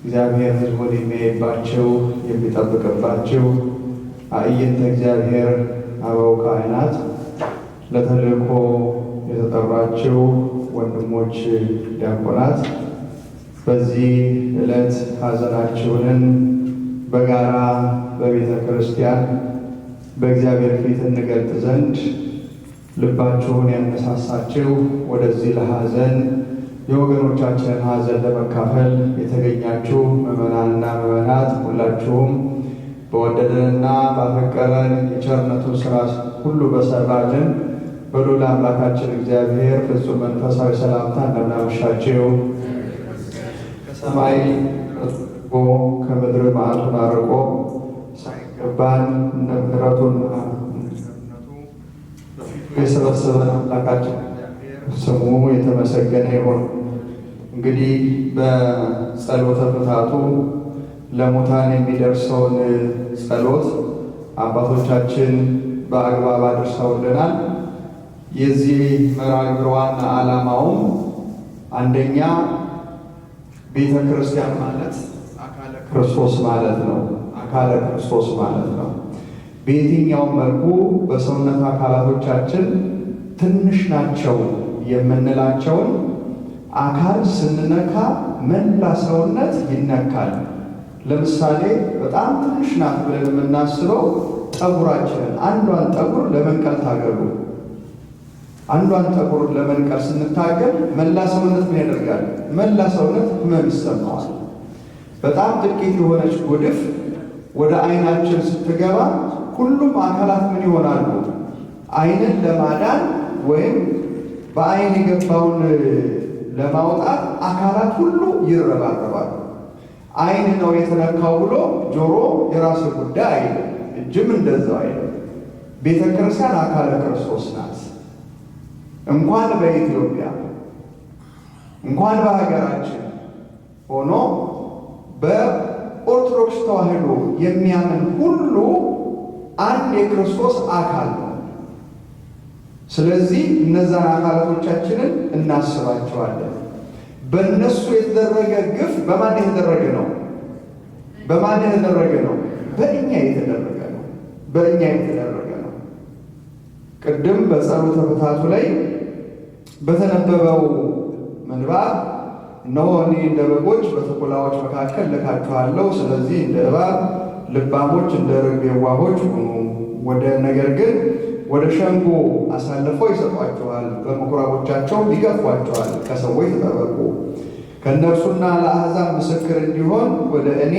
እግዚአብሔር ሕዝቡን የሚያይባቸው የሚጠብቅባቸው አዕይንተ እግዚአብሔር አበው ካህናት ለተልእኮ የተጠራቸው ወንድሞች ዲያቆናት በዚህ ዕለት ሐዘናችሁንን በጋራ በቤተ ክርስቲያን በእግዚአብሔር ፊት እንገልጥ ዘንድ ልባችሁን ያነሳሳችሁ ወደዚህ ለሐዘን የወገኖቻችንን ሐዘን ለመካፈል የተገኛችሁ ምዕመናንና ምዕመናት ሁላችሁም በወደደንና ባፈቀረን የቸርነቱ ስራ ሁሉ በሰራልን በሉል አምላካችን እግዚአብሔር ፍጹም መንፈሳዊ ሰላምታ እንደምናመሻችው ከሰማይ ቦ ከምድር ማዕቱን አርቆ ገባን እንደ ምሕረቱና የሰበሰበን አምላካችን ስሙ የተመሰገነ ይሁን። እንግዲህ በጸሎተ ፍትሐቱ ለሙታን የሚደርሰውን ጸሎት አባቶቻችን በአግባብ አድርሰውልናል። የዚህ መርሃ ግብር ዋና ዓላማውም አንደኛ ቤተ ክርስቲያን ማለት አካለ ክርስቶስ ማለት ነው። አካለ ክርስቶስ ማለት ነው። በየትኛውም መልኩ በሰውነት አካላቶቻችን ትንሽ ናቸው የምንላቸውን አካል ስንነካ መላ ሰውነት ይነካል። ለምሳሌ በጣም ትንሽ ናት ብለን የምናስበው ጠጉራችንን አንዷን ጠጉር ለመንቀል ታገሉ። አንዷን ጠጉር ለመንቀል ስንታገል መላ ሰውነት ምን ያደርጋል? መላ ሰውነት ህመም ይሰማዋል። በጣም ጥቂት የሆነች ጉድፍ ወደ አይናችን ስትገባ ሁሉም አካላት ምን ይሆናሉ? አይንን ለማዳን ወይም በአይን የገባውን ለማውጣት አካላት ሁሉ ይረባረባሉ። አይን ነው የተነካው ብሎ ጆሮ የራሱ ጉዳይ አይልም፣ እጅም እንደዛው አይልም። ቤተ ክርስቲያን አካለ ክርስቶስ ናት። እንኳን በኢትዮጵያ እንኳን በሀገራችን ሆኖ በ ኦርቶዶክስ ተዋሕዶ የሚያምን ሁሉ አንድ የክርስቶስ አካል ነው። ስለዚህ እነዛን አካላቶቻችንን እናስባቸዋለን። በእነሱ የተደረገ ግፍ በማን የተደረገ ነው? በማን የተደረገ ነው? በእኛ የተደረገ ነው። በእኛ የተደረገ ነው። ቅድም በጸሎተ ፍትሐቱ ላይ በተነበበው ምንባብ እነሆ እኔ እንደ በጎች በተኩላዎች መካከል ልካችኋለሁ። ስለዚህ እንደ እባብ ልባሞች፣ እንደ ርግብ የዋሆች ሁኑ። ወደ ነገር ግን ወደ ሸንጎ አሳልፈው ይሰጧችኋል፣ በምኩራቦቻቸውም ይገፏችኋል። ከሰዎች ተጠበቁ። ከእነርሱና ለአሕዛብ ምስክር እንዲሆን ወደ እኔ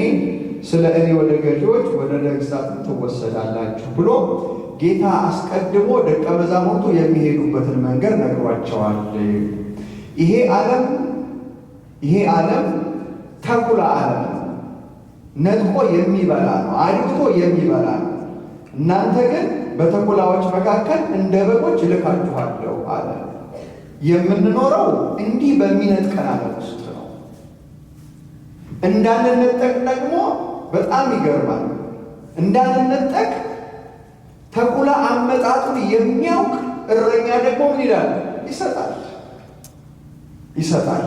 ስለ እኔ ወደ ገዢዎች ወደ ነገሥታት ትወሰዳላችሁ ብሎ ጌታ አስቀድሞ ደቀ መዛሙርቱ የሚሄዱበትን መንገድ ነግሯቸዋል። ይሄ ዓለም ይሄ ዓለም ተኩላ ዓለም ነው። ነጥቆ የሚበላ ነው። አድቅቶ የሚበላ ነው። እናንተ ግን በተኩላዎች መካከል እንደ በጎች እልካችኋለሁ አለ። የምንኖረው እንዲህ በሚነጥቀን ዓለም ውስጥ ነው። እንዳንነጠቅ ደግሞ በጣም ይገርማል። እንዳንነጠቅ ተኩላ አመጣጡን የሚያውቅ እረኛ ደግሞ ምን ይላል? ይሰጣል ይሰጣል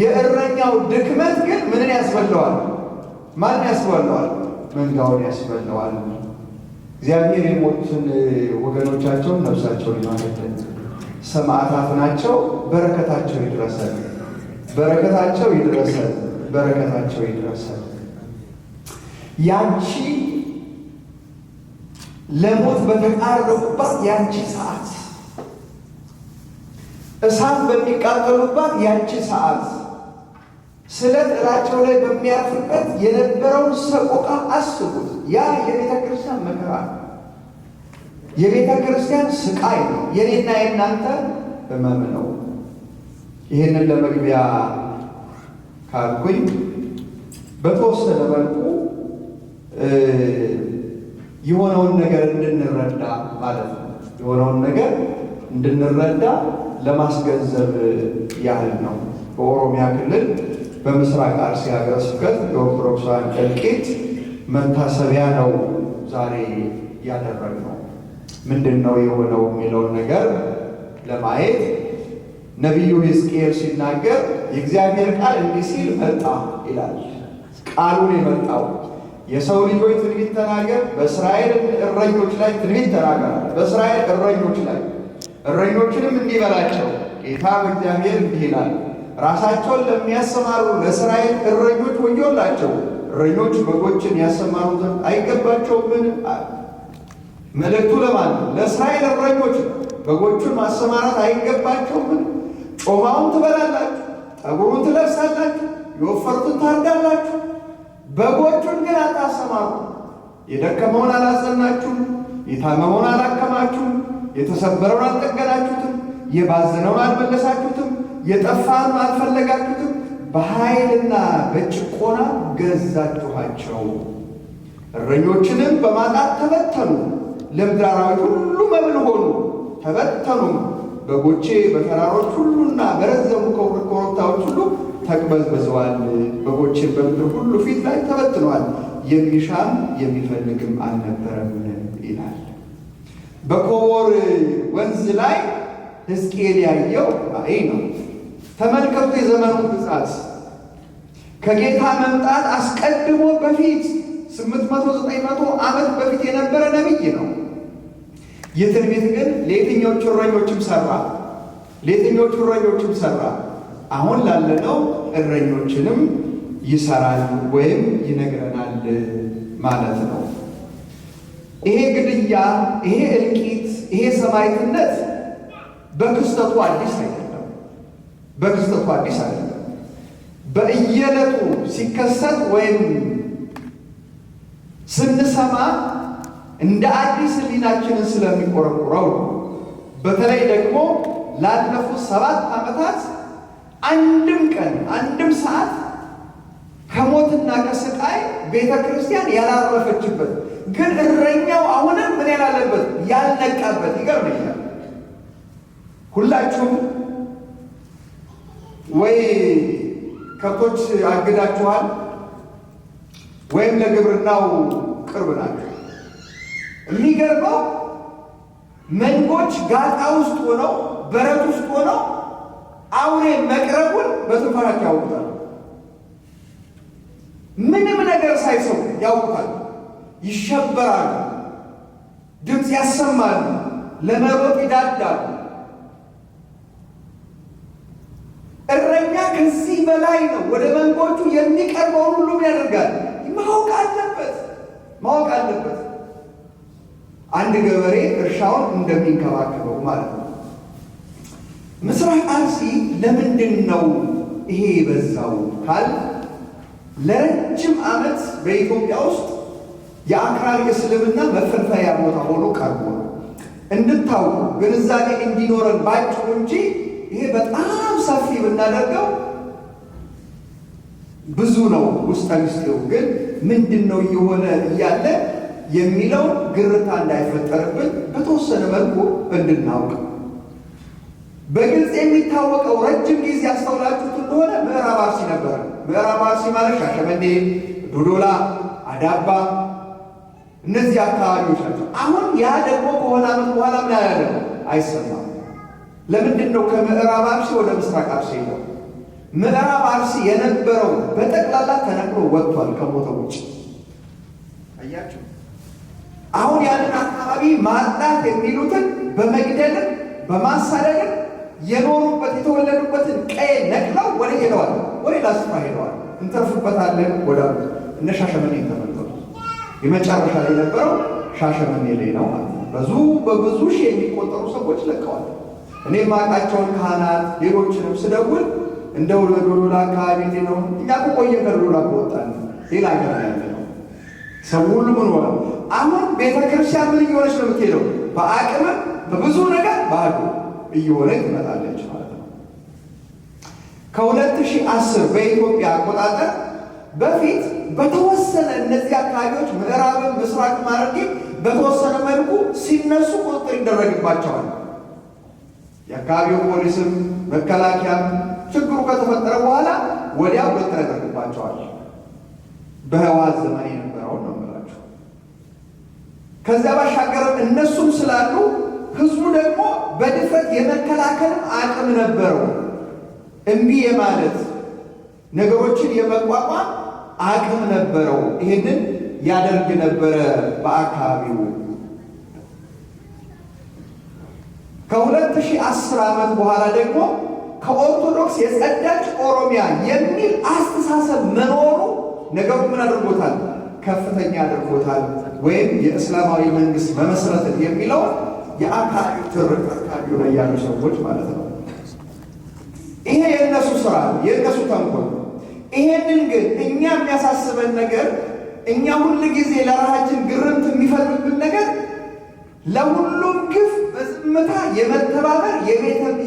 የእረኛው ድክመት ግን ምንን ያስበለዋል? ማን ያስበለዋል? መንጋውን ያስበለዋል። እግዚአብሔር የሞቱትን ወገኖቻቸውን ነፍሳቸውን ይማለልን። ሰማዕታት ናቸው። በረከታቸው ይድረሰል፣ በረከታቸው ይድረሰል፣ በረከታቸው ይድረሰል። ያንቺ ለሞት በተቃረቡባት ያንቺ ሰዓት እሳት በሚቃጠሉባት ያንቺ ሰዓት ስለት እላቸው ላይ በሚያርፍበት የነበረውን ሰቆቃ አስቡት። ያ የቤተ ክርስቲያን መከራ ነው። የቤተ ክርስቲያን ስቃይ ነው። የኔና የእናንተ ህመም ነው። ይህንን ለመግቢያ ካልኩኝ በተወሰነ መልኩ የሆነውን ነገር እንድንረዳ ማለት ነው። የሆነውን ነገር እንድንረዳ ለማስገንዘብ ያህል ነው። በኦሮሚያ ክልል በምስራቅ አርሲ ሀገረ ስብከት የኦርቶዶክሳውያን እልቂት መታሰቢያ ነው ዛሬ ያደረግ ነው። ምንድን ነው የሆነው የሚለውን ነገር ለማየት ነቢዩ ሕዝቅኤል ሲናገር የእግዚአብሔር ቃል እንዲህ ሲል መጣ ይላል። ቃሉን የመጣው የሰው ልጆች ትንቢት ተናገር፣ በእስራኤል እረኞች ላይ ትንቢት ተናገር፣ በእስራኤል እረኞች ላይ እረኞችንም እንዲበላቸው ጌታ እግዚአብሔር እንዲህ ይላል ራሳቸውን ለሚያሰማሩ ለእስራኤል እረኞች ወዮላቸው። እረኞች በጎችን ያሰማሩት አይገባቸውምን? መልእክቱ ለማን ነው? ለእስራኤል እረኞች በጎቹን ማሰማራት አይገባቸውምን? ጮማውን ትበላላችሁ፣ ጠጉሩን ትለብሳላችሁ፣ የወፈሩትን ታርዳላችሁ። በጎቹን ግን አታሰማሩ። የደከመውን አላዘናችሁም፣ የታመመውን አላከማችሁም፣ የተሰበረውን አልጠገናችሁትም፣ የባዘነውን አልመለሳችሁትም የጠፋን አልፈለጋችሁትም፣ በኃይልና በጭቆና ገዛችኋቸው። እረኞችንም በማጣት ተበተኑ፣ ለምድር አራዊት ሁሉ መብል ሆኑ። ተበተኑም በጎቼ በተራሮች ሁሉና በረዘሙ ኮረብታዎች ሁሉ ተቅበዝብዘዋል። በጎቼን በምድር ሁሉ ፊት ላይ ተበትነዋል፣ የሚሻም የሚፈልግም አልነበረም ይላል። በኮቦር ወንዝ ላይ ሕዝቅኤል ያየው ራእይ ነው። ተመልከቱ የዘመኑን ብዛት ከጌታ መምጣት አስቀድሞ በፊት 800 900 ዓመት በፊት የነበረ ነቢይ ነው። ይህ ትንቢት ግን ለየትኞቹ እረኞችም ሰራ ለየትኞቹ እረኞችም ሰራ አሁን ላለነው እረኞችንም ይሰራል ወይም ይነግረናል ማለት ነው። ይሄ ግድያ፣ ይሄ እልቂት፣ ይሄ ሰማዕትነት በክስተቱ አዲስ ነገር በክርስት አዲስ አለ በእየለቱ ሲከሰት ወይም ስንሰማ እንደ አዲስ ሕሊናችንን ስለሚቆረቁረው በተለይ ደግሞ ላለፉት ሰባት ዓመታት አንድም ቀን አንድም ሰዓት ከሞትና ከስቃይ ቤተ ክርስቲያን ያላረፈችበት ግን እረኛው አሁንም ምን ያላለበት ያልነቃበት ይገርመኛል። ሁላችሁም ወይ ከብቶች አግዳችኋል ወይም ለግብርናው ቅርብ ናቸው። የሚገርመው መንጎች ጋጣ ውስጥ ሆነው በረት ውስጥ ሆነው አውሬ መቅረቡን በትንፈራቸው ያውቁታል። ምንም ነገር ሳይሰው ያውቁታል። ይሸበራሉ፣ ድምፅ ያሰማሉ፣ ለመሮጥ ይዳዳሉ። እረኛ ከዚህ በላይ ነው። ወደ መንጎቹ የሚቀርበውን ሁሉም ያደርጋል። ማወቅ አለበት ማወቅ አለበት። አንድ ገበሬ እርሻውን እንደሚንከባከበው ማለት ነው። ምስራቅ አርሲ ለምንድን ነው ይሄ የበዛው ካል ለረጅም ዓመት በኢትዮጵያ ውስጥ የአክራሪ እስልምና መፈልፈያ ቦታ ሆኖ ቀርቦ ነው። እንድታውቁ ግንዛቤ እንዲኖረን ባጭሩ እንጂ ይሄ በጣም ሰፊ ብናደርገው ብዙ ነው። ውስጠ ግን ምንድን ነው እየሆነ እያለ የሚለው ግርታ እንዳይፈጠርብን በተወሰነ መልኩ እንድናውቅ በግልጽ የሚታወቀው ረጅም ጊዜ ያስተውላችሁት እንደሆነ ምዕራብ አርሲ ነበረ። ምዕራብ አርሲ ማለት ሻሸመኔ፣ ዶዶላ፣ አዳባ እነዚህ አካባቢዎች ናቸው። አሁን ያ ደግሞ ከሆነ ዓመት በኋላ ምን ያደረገው አይሰማም። ለምንድን ነው ከምዕራብ አርሲ ወደ ምስራቅ አርሲ ነው? ምዕራብ አርሲ የነበረው በጠቅላላ ተነቅሎ ወጥቷል ከቦታው ውጭ። አያችሁ፣ አሁን ያንን አካባቢ ማጣት የሚሉትን በመግደልም በማሳደድም የኖሩበት የተወለዱበትን ቀይ ነቅለው ወደ ሄደዋል፣ ወደ ሌላ ስፍራ ሄደዋል። እንተርፉበታለን ወደ እነ ሻሸመኔ ተመልከቱ። የመጨረሻ ላይ የነበረው ሻሸመኔ ላይ ነው ማለት ነው። ብዙ በብዙ ሺህ የሚቆጠሩ ሰዎች ለቀዋል። እኔ ማቃቸውን ካህናት ሌሎችንም ስደውል እንደ ለዶሎላ አካባቢ ነው እያቁ ቆየ ከሎላ ከወጣን ሌላ ሀገር ያለ ነው ሰው ሁሉ ምን ሆነ አሁን ቤተ ክርስቲያን ምን እየሆነች ነው የምትሄደው? በአቅምም በብዙ ነገር ባህሉ እየሆነ ትመጣለች ማለት ነው። ከሁለት ሺህ አስር በኢትዮጵያ አቆጣጠር በፊት በተወሰነ እነዚህ አካባቢዎች ምዕራብን ምስራቅ ማረጌ በተወሰነ መልኩ ሲነሱ ቁጥጥር ይደረግባቸዋል። የአካባቢው ፖሊስም መከላከያም ችግሩ ከተፈጠረ በኋላ ወዲያው ገትር ያደርጉባቸዋል። በህወሓት ዘመን የነበረውን ነው የምላቸው። ከዚያ ባሻገርም እነሱም ስላሉ ህዝቡ ደግሞ በድፍረት የመከላከል አቅም ነበረው። እምቢ የማለት ነገሮችን የመቋቋም አቅም ነበረው። ይህንን ያደርግ ነበረ በአካባቢው ከሁለት ሺህ አስር ዓመት በኋላ ደግሞ ከኦርቶዶክስ የጸዳች ኦሮሚያ የሚል አስተሳሰብ መኖሩ ነገሩ ምን አድርጎታል? ከፍተኛ አድርጎታል። ወይም የእስላማዊ መንግስት መመስረትን የሚለው የአካባቢ ትርክ አካባቢ ላይ ያሉ ሰዎች ማለት ነው። ይሄ የእነሱ ስራ የእነሱ ተንኮል። ይሄንን ግን እኛ የሚያሳስበን ነገር እኛ ሁል ጊዜ ለራሳችን ግርምት የሚፈልግብን ነገር ለሁሉም ግፍ ዝምታ የመተባበር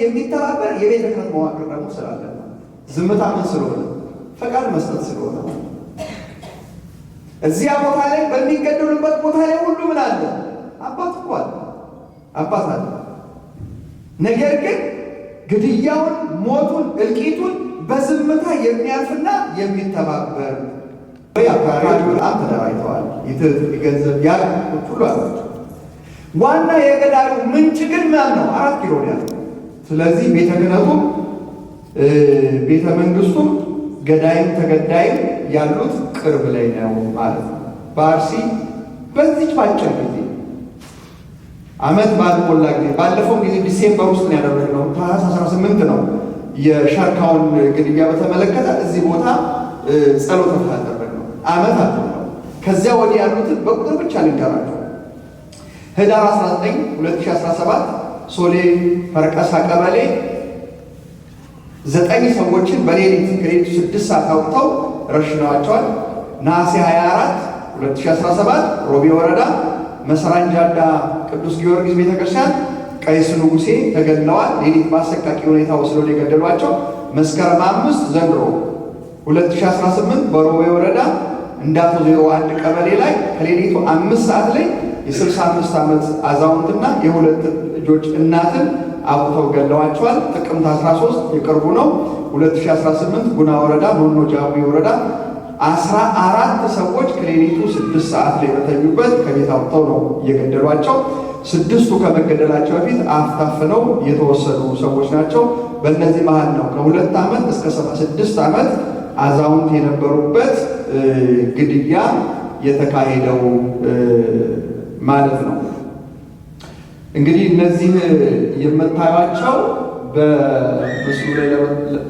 የሚተባበር የቤተ ክህነት መዋቅር ደግሞ ስላለ ዝምታ ምን ስለሆነ ፈቃድ መስጠት ስለሆነ እዚያ ቦታ ላይ በሚገደሉበት ቦታ ላይ ሁሉ ምን አለ? አባት እኮ አለ፣ አባት አለ። ነገር ግን ግድያውን፣ ሞቱን፣ እልቂቱን በዝምታ የሚያልፍና የሚተባበር ወይ አካባቢ በጣም ተደራጅተዋል። ይትት ይገንዘብ ያ ሁሉ አላቸው ዋና የገዳዩ ምንጭ ግን ማን ነው? አራት ኪሎ ነው። ስለዚህ ቤተ ክህነቱም ቤተ መንግስቱም ገዳይም ተገዳይም ያሉት ቅርብ ላይ ነው ማለት ነው። በአርሲ በዚች ባጭር ጊዜ አመት ባልሞላ ጊዜ ባለፈው ጊዜ ዲሴምበር ውስጥ ነው ያደረግነው። ታህሳስ 18 ነው የሻርካውን ግድያ በተመለከተ እዚህ ቦታ ጸሎት ተደረግነው። አመት አልሞላም። ከዚያ ወዲህ ያሉትን በቁጥር ብቻ ልንገራቸው ህዳር 19 2017 ሶሌ ፈርቀሳ ቀበሌ ዘጠኝ ሰዎችን በሌሊት ከሌሊቱ ስድስት ሰዓት አውጥተው ረሽነዋቸዋል። ነሐሴ 24 2017 ሮቢ ወረዳ መሰራንጃዳ ቅዱስ ጊዮርጊስ ቤተክርስቲያን ቀይስ ንጉሴ ተገድለዋል። ሌሊት በአሰቃቂ ሁኔታ ወስደው የገደሏቸው። መስከረም አምስት ዘንድሮ 2018 በሮቤ ወረዳ እንዳቶ አንድ ቀበሌ ላይ ከሌሊቱ አምስት ሰዓት ላይ የስልሳ አምስት ዓመት አዛውንትና የሁለት ልጆች እናትን አብተው ገለዋቸዋል። ጥቅምት 13 የቅርቡ ነው 2018 ጉና ወረዳ ኖኖ ጃዊ ወረዳ አስራ አራት ሰዎች ከሌሊቱ ስድስት ሰዓት ላይ በተኙበት ከቤት አውጥተው ነው እየገደሏቸው። ስድስቱ ከመገደላቸው በፊት አፍታፍነው የተወሰዱ ሰዎች ናቸው። በእነዚህ መሀል ነው ከሁለት ዓመት እስከ ስድስት ዓመት አዛውንት የነበሩበት ግድያ የተካሄደው። ማለት ነው። እንግዲህ እነዚህ የምታዩቸው በምስሉ ላይ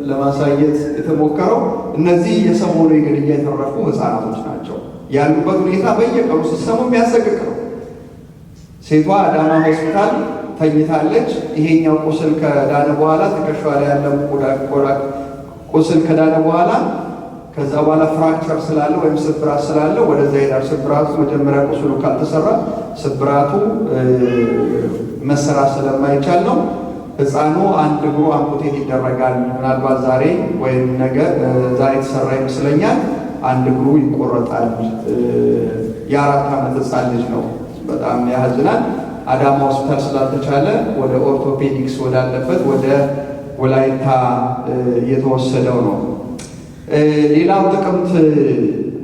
ለማሳየት የተሞከረው እነዚህ የሰሞኑ የግድያ የተረፉ ህፃናቶች ናቸው። ያሉበት ሁኔታ በየቀኑ ሲሰሙ የሚያሰቅቅ ነው። ሴቷ አዳማ ሆስፒታል ተኝታለች። ይሄኛው ቁስል ከዳነ በኋላ ትከሻዋ ላይ ቆዳ ቁስል ከዳነ በኋላ ከዛ በኋላ ፍራክቸር ስላለ ወይም ስብራት ስላለ ወደዛ ይሄዳል። ስብራቱ መጀመሪያ ቁስሉ ካልተሰራ ስብራቱ መሰራት ስለማይቻል ነው። ህፃኑ አንድ እግሩ አምፑቴት ይደረጋል። ምናልባት ዛሬ ወይም ነገ ዛሬ የተሰራ ይመስለኛል። አንድ እግሩ ይቆረጣል። የአራት ዓመት ህፃን ልጅ ነው። በጣም ያህዝናል። አዳማ ሆስፒታል ስላልተቻለ ወደ ኦርቶፔዲክስ ወዳለበት ወደ ወላይታ እየተወሰደው ነው። ሌላው ጥቅምት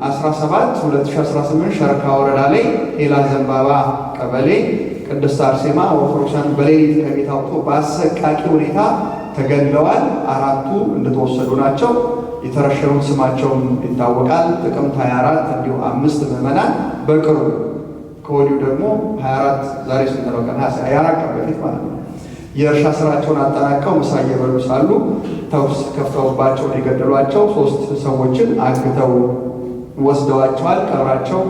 17 2018 ሸርካ ወረዳ ላይ ሌላ ዘንባባ ቀበሌ ቅድስት አርሴማ ኦርቶዶክሳን በሌሊት ከቤት አውጥቶ በአሰቃቂ ሁኔታ ተገድለዋል። አራቱ እንደተወሰዱ ናቸው። የተረሸኑት ስማቸውም ይታወቃል። ጥቅምት 24 እንዲሁ አምስት ምዕመናን በቅርቡ ከወዲሁ ደግሞ 24 ዛሬ ስንት ቀን 24 ቀን በፊት ማለት ነው የእርሻ ስራቸውን አጠናቀው ምሳ እየበሉ ሳሉ ተኩስ ከፍተውባቸው ሊገደሏቸው ሶስት ሰዎችን አግተው ወስደዋቸዋል። ቀብራቸው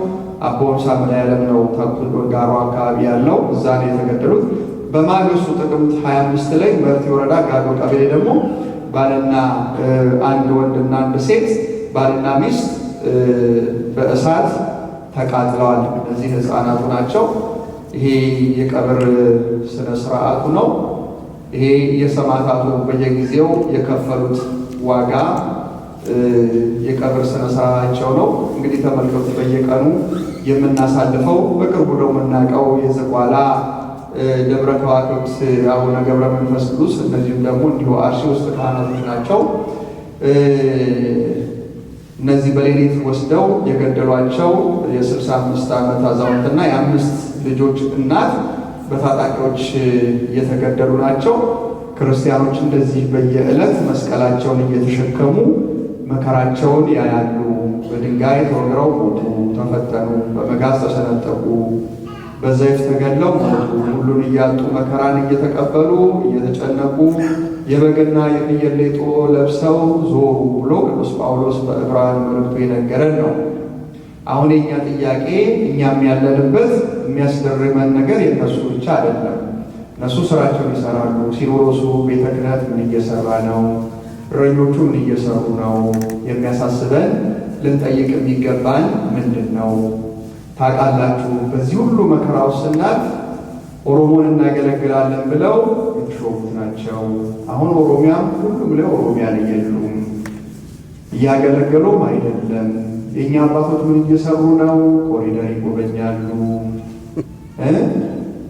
አቦምሳ መድኃኒዓለም ነው ተኩሎ ዳሮ አካባቢ ያለው እዛ ነው የተገደሉት። በማግስቱ ጥቅምት 25 ላይ መርቲ ወረዳ ጋዶ ቀበሌ ደግሞ ባልና አንድ ወንድና አንድ ሴት ባልና ሚስት በእሳት ተቃጥለዋል። እነዚህ ህፃናቱ ናቸው። ይሄ የቀብር ስነ ስርዓቱ ነው። ይሄ የሰማዕታቱ በየጊዜው የከፈሉት ዋጋ የቀብር ስነ ነው። እንግዲህ ተመልከቱ፣ በየቀኑ የምናሳልፈው በቅርቡ ነው የምናውቀው የዝቋላ ደብረ ከዋክብት አቡነ ገብረ መንፈስ ቅዱስ፣ እነዚህም ደግሞ እንዲሁ አርሲ ውስጥ ካህናቶች ናቸው። እነዚህ በሌሊት ወስደው የገደሏቸው የ65 ዓመት አዛውንትና የአምስት ልጆች እናት በታጣቂዎች እየተገደሉ ናቸው። ክርስቲያኖች እንደዚህ በየዕለት መስቀላቸውን እየተሸከሙ መከራቸውን ያያሉ። በድንጋይ ተወግረው ሞቱ፣ ተፈተኑ፣ በመጋዝ ተሰነጠቁ፣ በዘይፍ ተገለው ሞቱ። ሁሉን እያጡ መከራን እየተቀበሉ እየተጨነቁ የበግና የፍየል ሌጦ ለብሰው ዞሩ ብሎ ቅዱስ ጳውሎስ በዕብራውያን መልእክቱ የነገረን ነው። አሁን የኛ ጥያቄ እኛም ያለንበት የሚያስደርመን ነገር የነሱ ብቻ አይደለም። እነሱ ስራቸውን ይሰራሉ። ሲኖዶሱ ቤተ ክህነት ምን እየሰራ ነው? እረኞቹ ምን እየሰሩ ነው? የሚያሳስበን ልንጠይቅ የሚገባን ምንድን ነው? ታውቃላችሁ፣ በዚህ ሁሉ መከራ ውስጥ እናት ኦሮሞን እናገለግላለን ብለው የተሾሙት ናቸው። አሁን ኦሮሚያም ሁሉም ላይ ኦሮሚያን የሉም፣ እያገለገሉም አይደለም የእኛ አባቶች ምን እየሰሩ ነው? ኮሪደር ይጎበኛሉ፣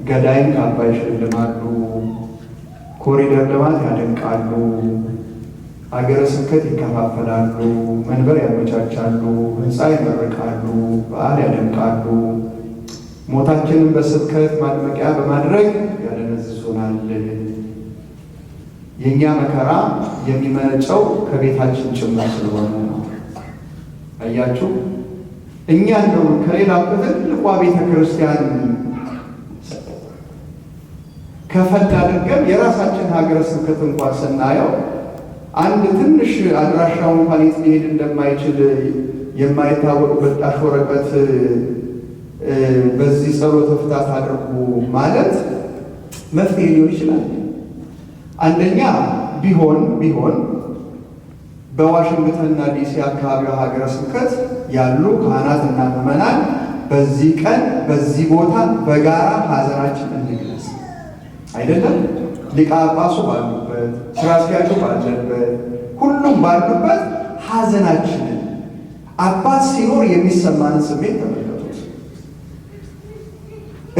ገዳይን ካባ ይሸልማሉ፣ ኮሪደር ልማት ያደንቃሉ፣ አገረ ስብከት ይከፋፈላሉ፣ መንበር ያመቻቻሉ፣ ህንፃ ይመርቃሉ፣ በዓል ያደምቃሉ፣ ሞታችንን በስብከት ማድመቂያ በማድረግ ያደነዝዙናል። የእኛ መከራ የሚመነጨው ከቤታችን ጭምር ስለሆነ ነው። አያችሁ፣ እኛ ነው ከሌላ ከትልቋ ቤተ ክርስቲያን ከፈት አድርገን የራሳችን ሀገረ ስብከት እንኳን ስናየው አንድ ትንሽ አድራሻው እንኳን የት ሊሄድ እንደማይችል የማይታወቅ በጣሽ ወረቀት በዚህ ጸሎተ ፍታት አድርጉ ማለት መፍትሄ ሊሆን ይችላል። አንደኛ ቢሆን ቢሆን በዋሽንግተንና ዲሲ አካባቢው ሀገረ ስብከት ያሉ ካህናትና ምዕመናን በዚህ ቀን በዚህ ቦታ በጋራ ሀዘናችን እንግለጽ አይደለም። ሊቀ ጳጳሱ ባሉበት፣ ስራ አስኪያጁ ባለበት፣ ሁሉም ባሉበት ሀዘናችንን አባት ሲኖር የሚሰማንን ስሜት ተመልከቱት።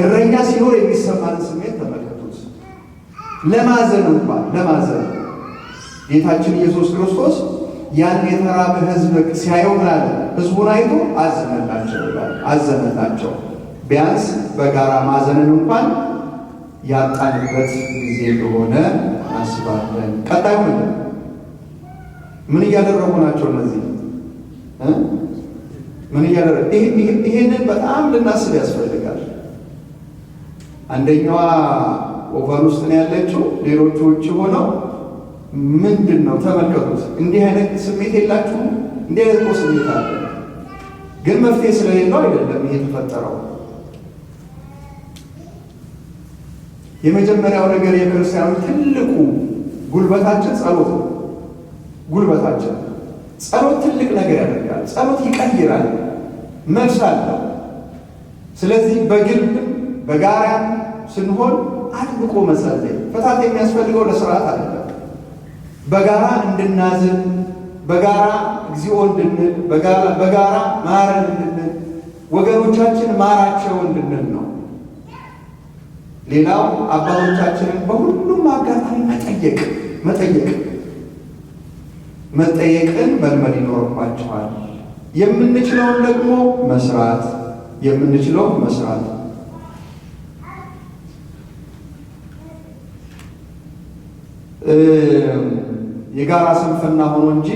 እረኛ ሲኖር የሚሰማንን ስሜት ተመልከቱት። ለማዘን እንኳን ለማዘን ጌታችን ኢየሱስ ክርስቶስ ያን የተራበ ህዝብ ሲያየው ምናለ ህዝቡን አይቶ አዘነላቸው አዘነላቸው ቢያንስ በጋራ ማዘንን እንኳን ያጣንበት ጊዜ እንደሆነ አስባለን። ቀጣዩ ምን እያደረጉ ናቸው? እነዚህ ምን እያደረጉ ይህንን በጣም ልናስብ ያስፈልጋል። አንደኛዋ ወገን ውስጥ ነው ያለችው፣ ሌሎቹ ውጭ ሆነው ምንድን ነው? ተመልከቱት። እንዲህ አይነት ስሜት የላችሁም? እንዲህ አይነት እኮ ስሜት አለ፣ ግን መፍትሄ ስለሌለው አይደለም ይሄ የተፈጠረው። የመጀመሪያው ነገር የክርስቲያኑ ትልቁ ጉልበታችን ጸሎት ነው። ጉልበታችን ጸሎት ትልቅ ነገር ያደርጋል። ጸሎት ይቀይራል፣ መልስ አለው። ስለዚህ በግል በጋራ ስንሆን አድብቆ መጸለይ። ፈታት የሚያስፈልገው ለስርዓት አይደለም። በጋራ እንድናዝን፣ በጋራ እግዚኦ እንድንል፣ በጋራ ማረን እንድንል፣ ወገኖቻችን ማራቸው እንድንል ነው። ሌላው አባቶቻችንን በሁሉም አጋጣሚ መጠየቅ መጠየቅ መጠየቅን መልመድ ይኖርባቸዋል። የምንችለውን ደግሞ መስራት የምንችለው መስራት እ የጋራ ስንፍና ሆኖ እንጂ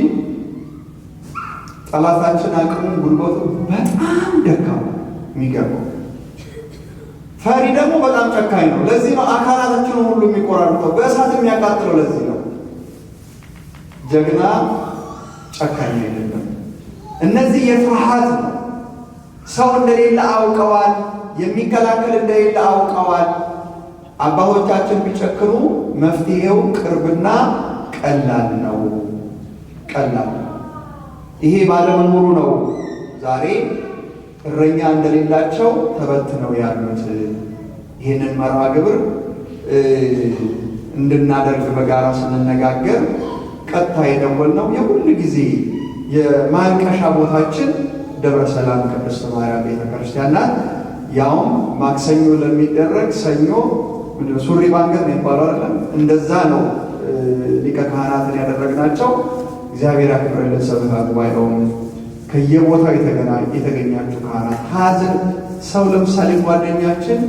ጠላታችን አቅሙ ጉልበቱ በጣም ደካማ የሚገባው ፈሪ ደግሞ በጣም ጨካኝ ነው። ለዚህ ነው አካላታችንን ሁሉ የሚቆራርጠው በእሳት የሚያቃጥለው። ለዚህ ነው ጀግና ጨካኝ አይደለም። እነዚህ የፍርሃት ነው። ሰው እንደሌለ አውቀዋል። የሚከላከል እንደሌለ አውቀዋል። አባቶቻችን ቢጨክኑ መፍትሄው ቅርብና ቀላል ነው፣ ቀላል ነው። ይሄ ባለመኖሩ ነው ዛሬ እረኛ እንደሌላቸው ተበትነው ያሉት። ይህንን መርሃ ግብር እንድናደርግ በጋራ ስንነጋገር ቀጥታ የደወልነው የሁሉ ጊዜ የማልቀሻ ቦታችን ደብረ ሰላም ቅድስት ማርያም ቤተክርስቲያን ናት። ያውም ማክሰኞ ለሚደረግ ሰኞ ሱሪ ባንገር ነው ይባላል። እንደዛ ነው ሊቀ ካህናትን ያደረግናቸው እግዚአብሔር ያክብረልን። ሰብካ ጉባኤውም ከየቦታው የተገኛችሁ ካህናት ሀዘን ሰው ለምሳሌ ጓደኛችን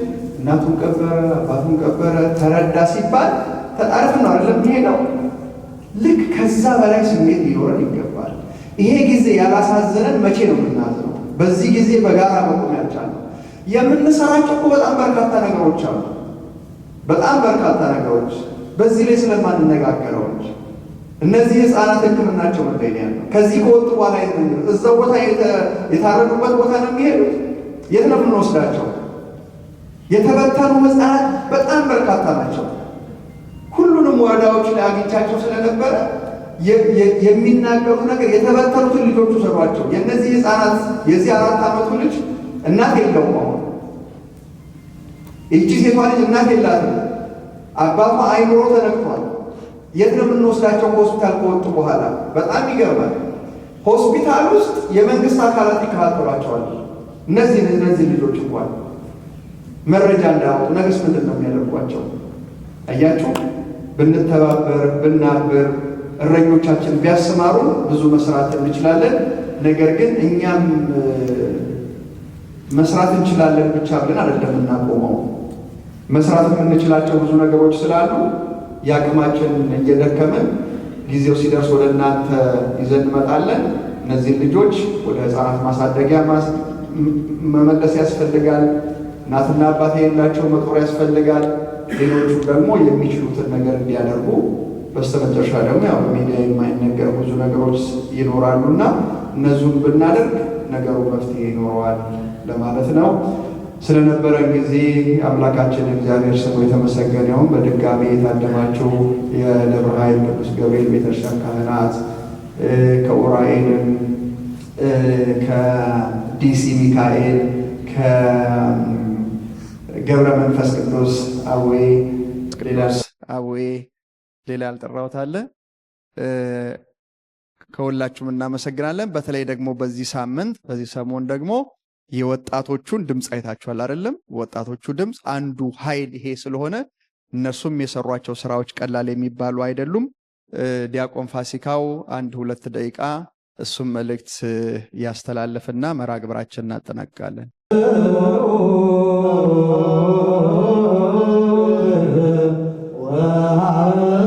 እናቱን ቀበረ፣ አባቱን ቀበረ፣ ተረዳ ሲባል ተጣርፍ ነው አይደለም የሚሄደው። ልክ ከዛ በላይ ስሜት ሊኖረን ይገባል። ይሄ ጊዜ ያላሳዘነን መቼ ነው የምናዝነው? በዚህ ጊዜ በጋራ መቆም ያልቻልነው የምንሰራቸው በጣም በርካታ ነገሮች አሉ። በጣም በርካታ ነገሮች በዚህ ላይ ስለማንነጋገረው እንጂ እነዚህ ህፃናት ህክምናቸው መጠይያ ነው። ከዚህ ከወጡ በኋላ የት እዛ ቦታ የታረዱበት ቦታ ነው የሚሄዱት? የት ነው የምንወስዳቸው? የተበተኑ ህፃናት በጣም በርካታ ናቸው። ሁሉንም ወረዳዎች ላይ አግኝቻቸው ስለነበረ የሚናገሩት ነገር የተበተኑትን ልጆቹ ሰሯቸው። የእነዚህ ህፃናት የዚህ አራት ዓመቱ ልጅ እናት የለውም። አሁን ይቺ ሴቷ ልጅ እናት የላትም። አባቷ አይምሮ ተነክቷል። የት ነው የምንወስዳቸው? ከሆስፒታል ከወጡ በኋላ በጣም ይገርማል። ሆስፒታል ውስጥ የመንግስት አካላት ይከታተሏቸዋል። እነዚህ እነዚህ ልጆች እንኳን መረጃ እንዳያወጡ ነገስ ምንድን ነው የሚያደርጓቸው? አያችሁ፣ ብንተባበር ብናብር እረኞቻችን ቢያስማሩ ብዙ መስራት እንችላለን። ነገር ግን እኛም መስራት እንችላለን ብቻ ብለን አይደለም እናቆመው መስራት የምንችላቸው ብዙ ነገሮች ስላሉ የአቅማችን እየደከመን ጊዜው ሲደርስ ወደ እናንተ ይዘን እንመጣለን። እነዚህን ልጆች ወደ ህፃናት ማሳደጊያ መመለስ ያስፈልጋል። እናትና አባት የሌላቸው መጦር ያስፈልጋል። ሌሎቹ ደግሞ የሚችሉትን ነገር እንዲያደርጉ በስተመጨረሻ ደግሞ ያው ሚዲያ የማይነገር ብዙ ነገሮች ይኖራሉና እነዚሁን ብናደርግ ነገሩ መፍትሄ ይኖረዋል ለማለት ነው። ስለነበረን ጊዜ አምላካችን እግዚአብሔር ስሙ የተመሰገነውን በድጋሚ የታደማችሁ የደብረ ኃይል ቅዱስ ገብርኤል ቤተክርስቲያን ካህናት ከኡራኤልም ከዲሲ ሚካኤል ከገብረ መንፈስ ቅዱስ አዌ አዌ ሌላ ያልጠራሁት አለ። ከሁላችሁም እናመሰግናለን። በተለይ ደግሞ በዚህ ሳምንት በዚህ ሰሞን ደግሞ የወጣቶቹን ድምፅ አይታችኋል አይደለም? ወጣቶቹ ድምፅ አንዱ ኃይል ይሄ ስለሆነ እነሱም የሰሯቸው ስራዎች ቀላል የሚባሉ አይደሉም። ዲያቆን ፋሲካው አንድ ሁለት ደቂቃ እሱም መልእክት ያስተላለፍና መርሃ ግብራችን እናጠናቅቃለን። Wow.